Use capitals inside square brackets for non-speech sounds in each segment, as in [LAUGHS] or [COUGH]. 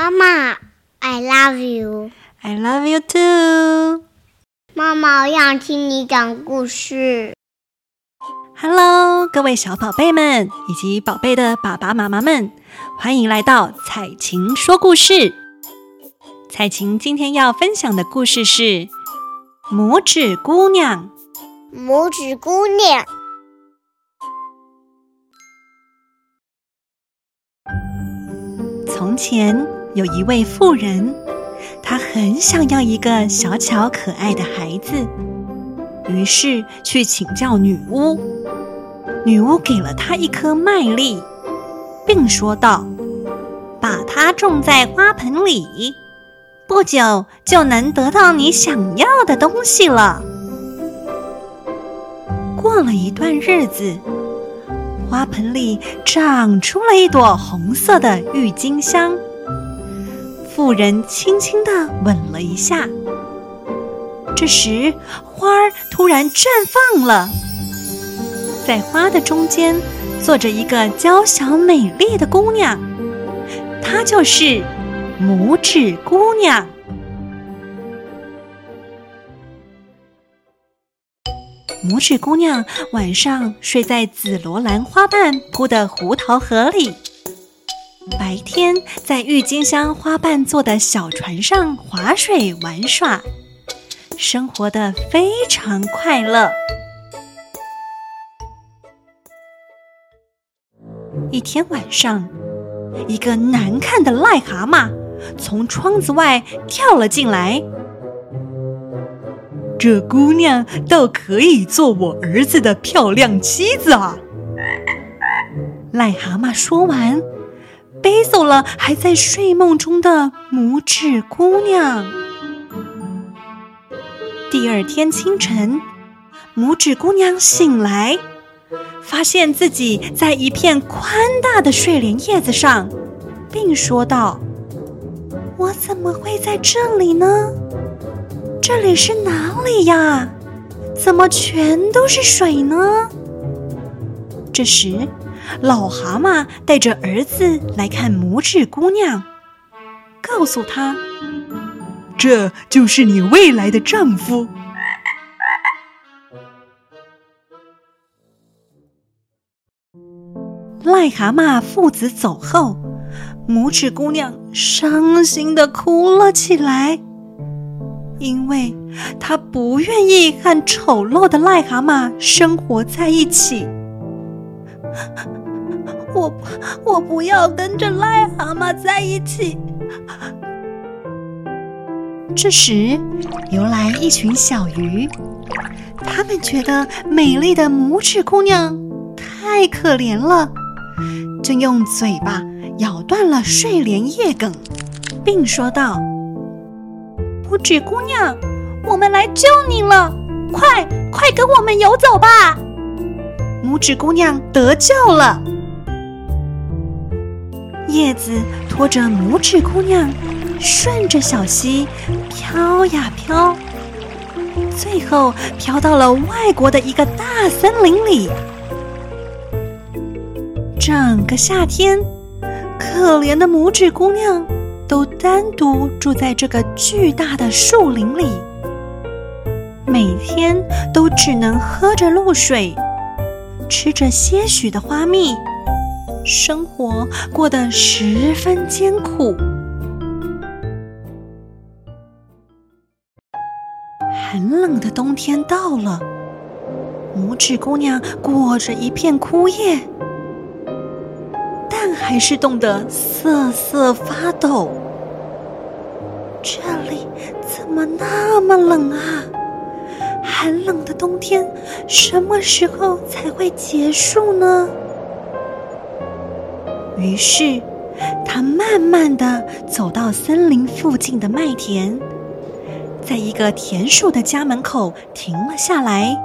媽媽，I love you. I love you too. 媽媽，我想聽你講故事。哈嘍，各位小寶貝們以及寶貝的爸爸媽媽們，歡迎來到采晴說故事。采晴今天要分享的故事是《拇指姑娘》。拇指姑娘。從前。有一位婦人，她很想要一個小巧可愛的孩子，於是去請教女巫。女巫給了她一顆麥粒，並說道：“把它種在花盆裡，不久就能得到你想要的東西了。”過了一段日子，花盆裡長出了一朵紅色的鬱金香。婦人輕輕地吻了一下，這時花兒突然綻放了。在花的中間坐着一個嬌小美麗的姑娘，她就是拇指姑娘。拇指姑娘晚上睡在紫羅蘭花瓣鋪的胡桃盒裡。白天在鬱金香花瓣做的小船上划水玩耍，生活得非常快樂。一天晚上，一個難看的癩蛤蟆從窗子外跳了進來。這姑娘倒可以做我兒子的漂亮妻子啊！癩蛤蟆說完。背走了還在睡夢中的拇指姑娘。第二天清晨，拇指姑娘醒來，發現自己在一片寬大的睡蓮葉子上，並說道：“我怎麼會在這裡呢？這裡是哪裡呀？怎麼全都是水呢？”這時，老蛤蟆帶着兒子來看拇指姑娘，告訴她：“這就是你未來的丈夫。” [LAUGHS] 癩蛤蟆父子走後，拇指姑娘傷心地哭了起來，因為她不願意和醜陋的癩蛤蟆生活在一起。 [LAUGHS] 我我不要跟着癩蛤蟆在一起。這時游來一群小魚，它們覺得美麗的拇指姑娘太可憐了，就用嘴巴咬斷了睡蓮葉梗，並說道：“拇指姑娘，我們來救你了，快快跟我們游走吧！”拇指姑娘得救了。葉子拖着拇指姑娘，順着小溪飄呀飄，最後飄到了外國的一個大森林裡。整個夏天，可憐的拇指姑娘都單獨住在這個巨大的樹林裡，每天都只能喝着露水，吃着些許的花蜜。生活過得十分艱苦。寒冷的冬天到了，拇指姑娘裹着一片枯葉，但還是凍得瑟瑟發抖。這裡怎麼那麼冷啊？寒冷的冬天什麼時候才會結束呢？於是，他慢慢地走到森林附近的麥田，在一個田鼠的家門口停了下來，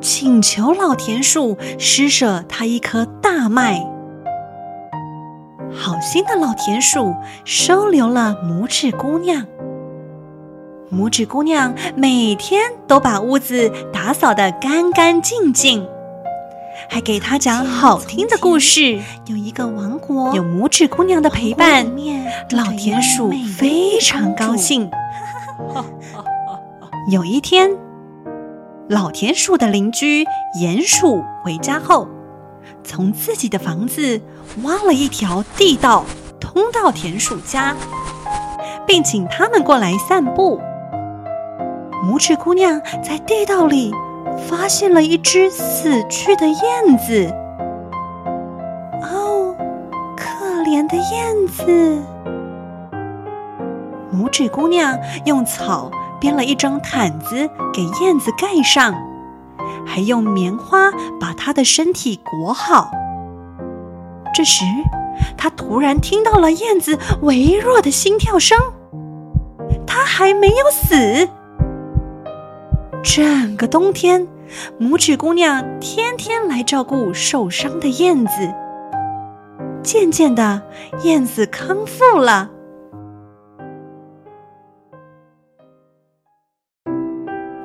請求老田鼠施舍他一顆大麥。好心的老田鼠收留了拇指姑娘。拇指姑娘每天都把屋子打掃得干干淨淨。還給他講好聽的故事，有一個王國，有拇指姑娘的陪伴，老田鼠非常高興。 [LAUGHS] [LAUGHS] 有一天，老田鼠的鄰居鼹鼠回家後，從自己的房子挖了一條地道，通到田鼠家，並請他們過來散步。拇指姑娘在地道裡。發現了一隻死去的燕子，哦，可憐的燕子！拇指姑娘用草編了一張毯子給燕子蓋上，還用棉花把她的身體裹好。這時，她突然聽到了燕子微弱的心跳聲，她還沒有死。整個冬天，拇指姑娘天天來照顧受傷的燕子。漸漸的，燕子康復了。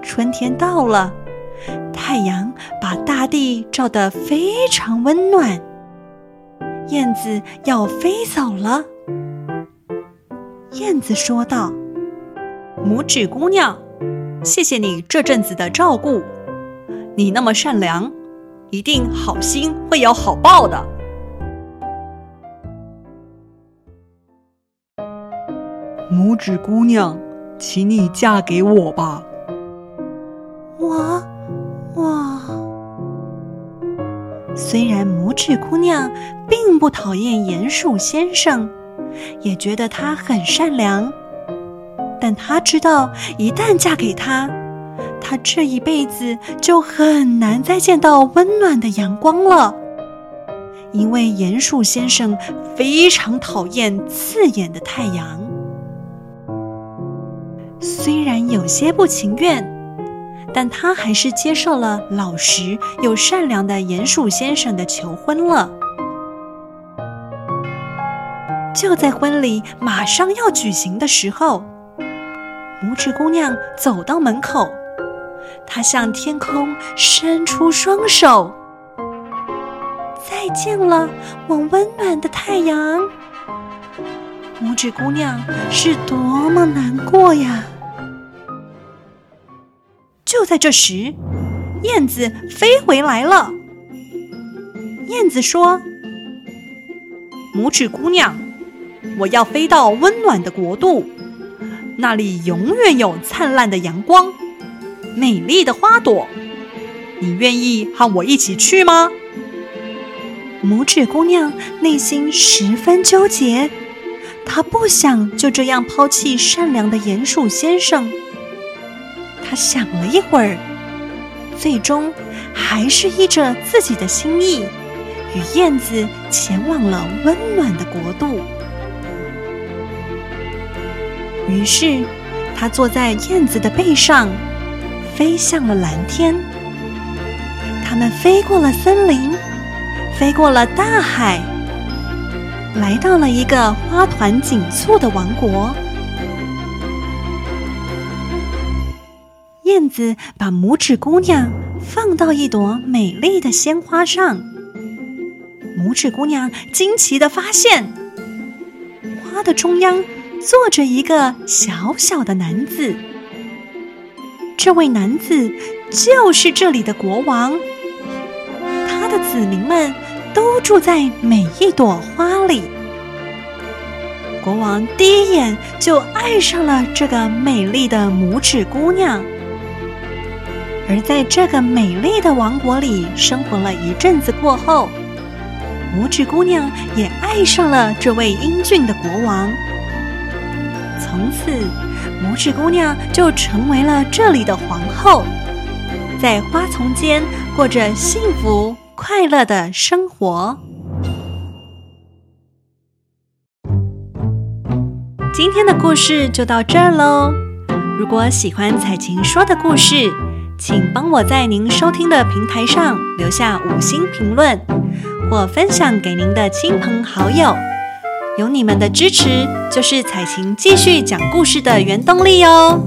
春天到了，太陽把大地照得非常溫暖。燕子要飛走了，燕子說道：“拇指姑娘。”謝謝你這陣子的照顧，你那麼善良，一定好心會有好報的。拇指姑娘，請你嫁給我吧。我我雖然拇指姑娘並不討厭鼴鼠先生，也覺得他很善良。但她知道，一旦嫁給他，她這一輩子就很難再見到溫暖的陽光了，因為鼹鼠先生非常討厭刺眼的太陽。雖然有些不情願，但她還是接受了老實又善良的鼹鼠先生的求婚了。就在婚禮馬上要舉行的時候。拇指姑娘走到門口，她向天空伸出雙手。“再見了，我溫暖的太陽！”拇指姑娘是多麼難過呀！就在這時，燕子飛回來了。燕子說：“拇指姑娘，我要飛到溫暖的國度。”那裡永遠有燦爛的陽光，美麗的花朵。你願意和我一起去嗎？拇指姑娘內心十分糾結，她不想就這樣拋棄善良的鼴鼠先生。她想了一會兒，最終還是依着自己的心意，與燕子前往了溫暖的國度。於是，他坐在燕子的背上，飛向了藍天。他們飛過了森林，飛過了大海，來到了一個花團錦簇的王國。燕子把拇指姑娘放到一朵美麗的鮮花上，拇指姑娘驚奇的發現，花的中央坐着一個小小的男子，這位男子就是這裡的國王。他的子民們都住在每一朵花裡。國王第一眼就愛上了這個美麗的拇指姑娘，而在這個美麗的王國裡生活了一陣子過後，拇指姑娘也愛上了這位英俊的國王。從此，拇指姑娘就成為了這裡的皇後，在花叢間過着幸福快樂的生活。今天的故事就到這兒嘍。如果喜歡采晴說的故事，請幫我在您收聽的平台上留下五星評論，或分享給您的親朋好友。有你們的支持，就是采晴繼續講故事的原動力哦。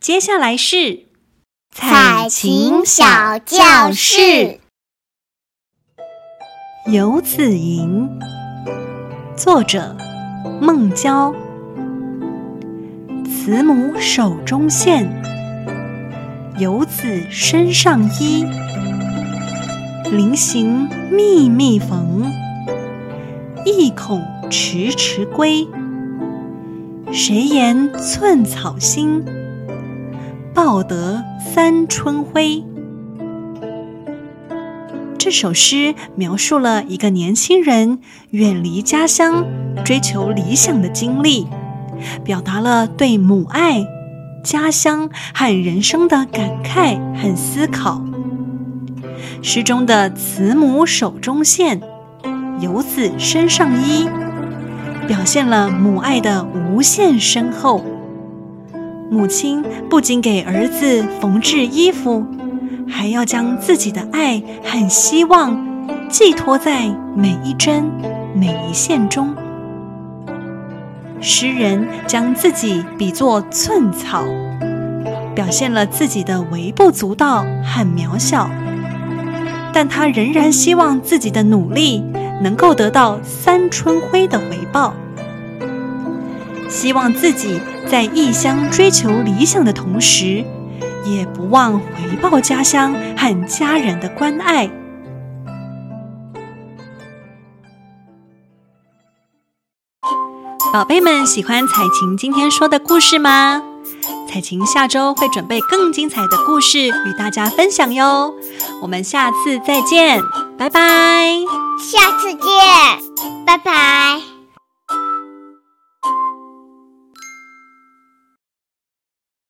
接下來是采晴小教室，教室《遊子吟》，作者孟郊。慈母手中線，遊子身上衣。臨行密密縫，意恐遲遲歸。誰言寸草心，報得三春暉。這首詩描述了一個年輕人遠離家鄉、追求理想的經歷，表達了對母愛、家鄉和人生的感慨和思考。詩中的“慈母手中線，遊子身上衣”，表現了母愛的無限深厚。母親不僅給兒子縫制衣服，還要將自己的愛和希望寄托在每一針每一線中。詩人將自己比作寸草，表現了自己的微不足道，很渺小。但他仍然希望自己的努力能夠得到三春暉的回報，希望自己在異鄉追求理想的同時，也不忘回報家鄉和家人的關愛。寶貝們，喜歡采晴今天說的故事嗎？采晴下週會準備更精彩的故事與大家分享喲，我們下次再見，拜拜。下次見，拜拜。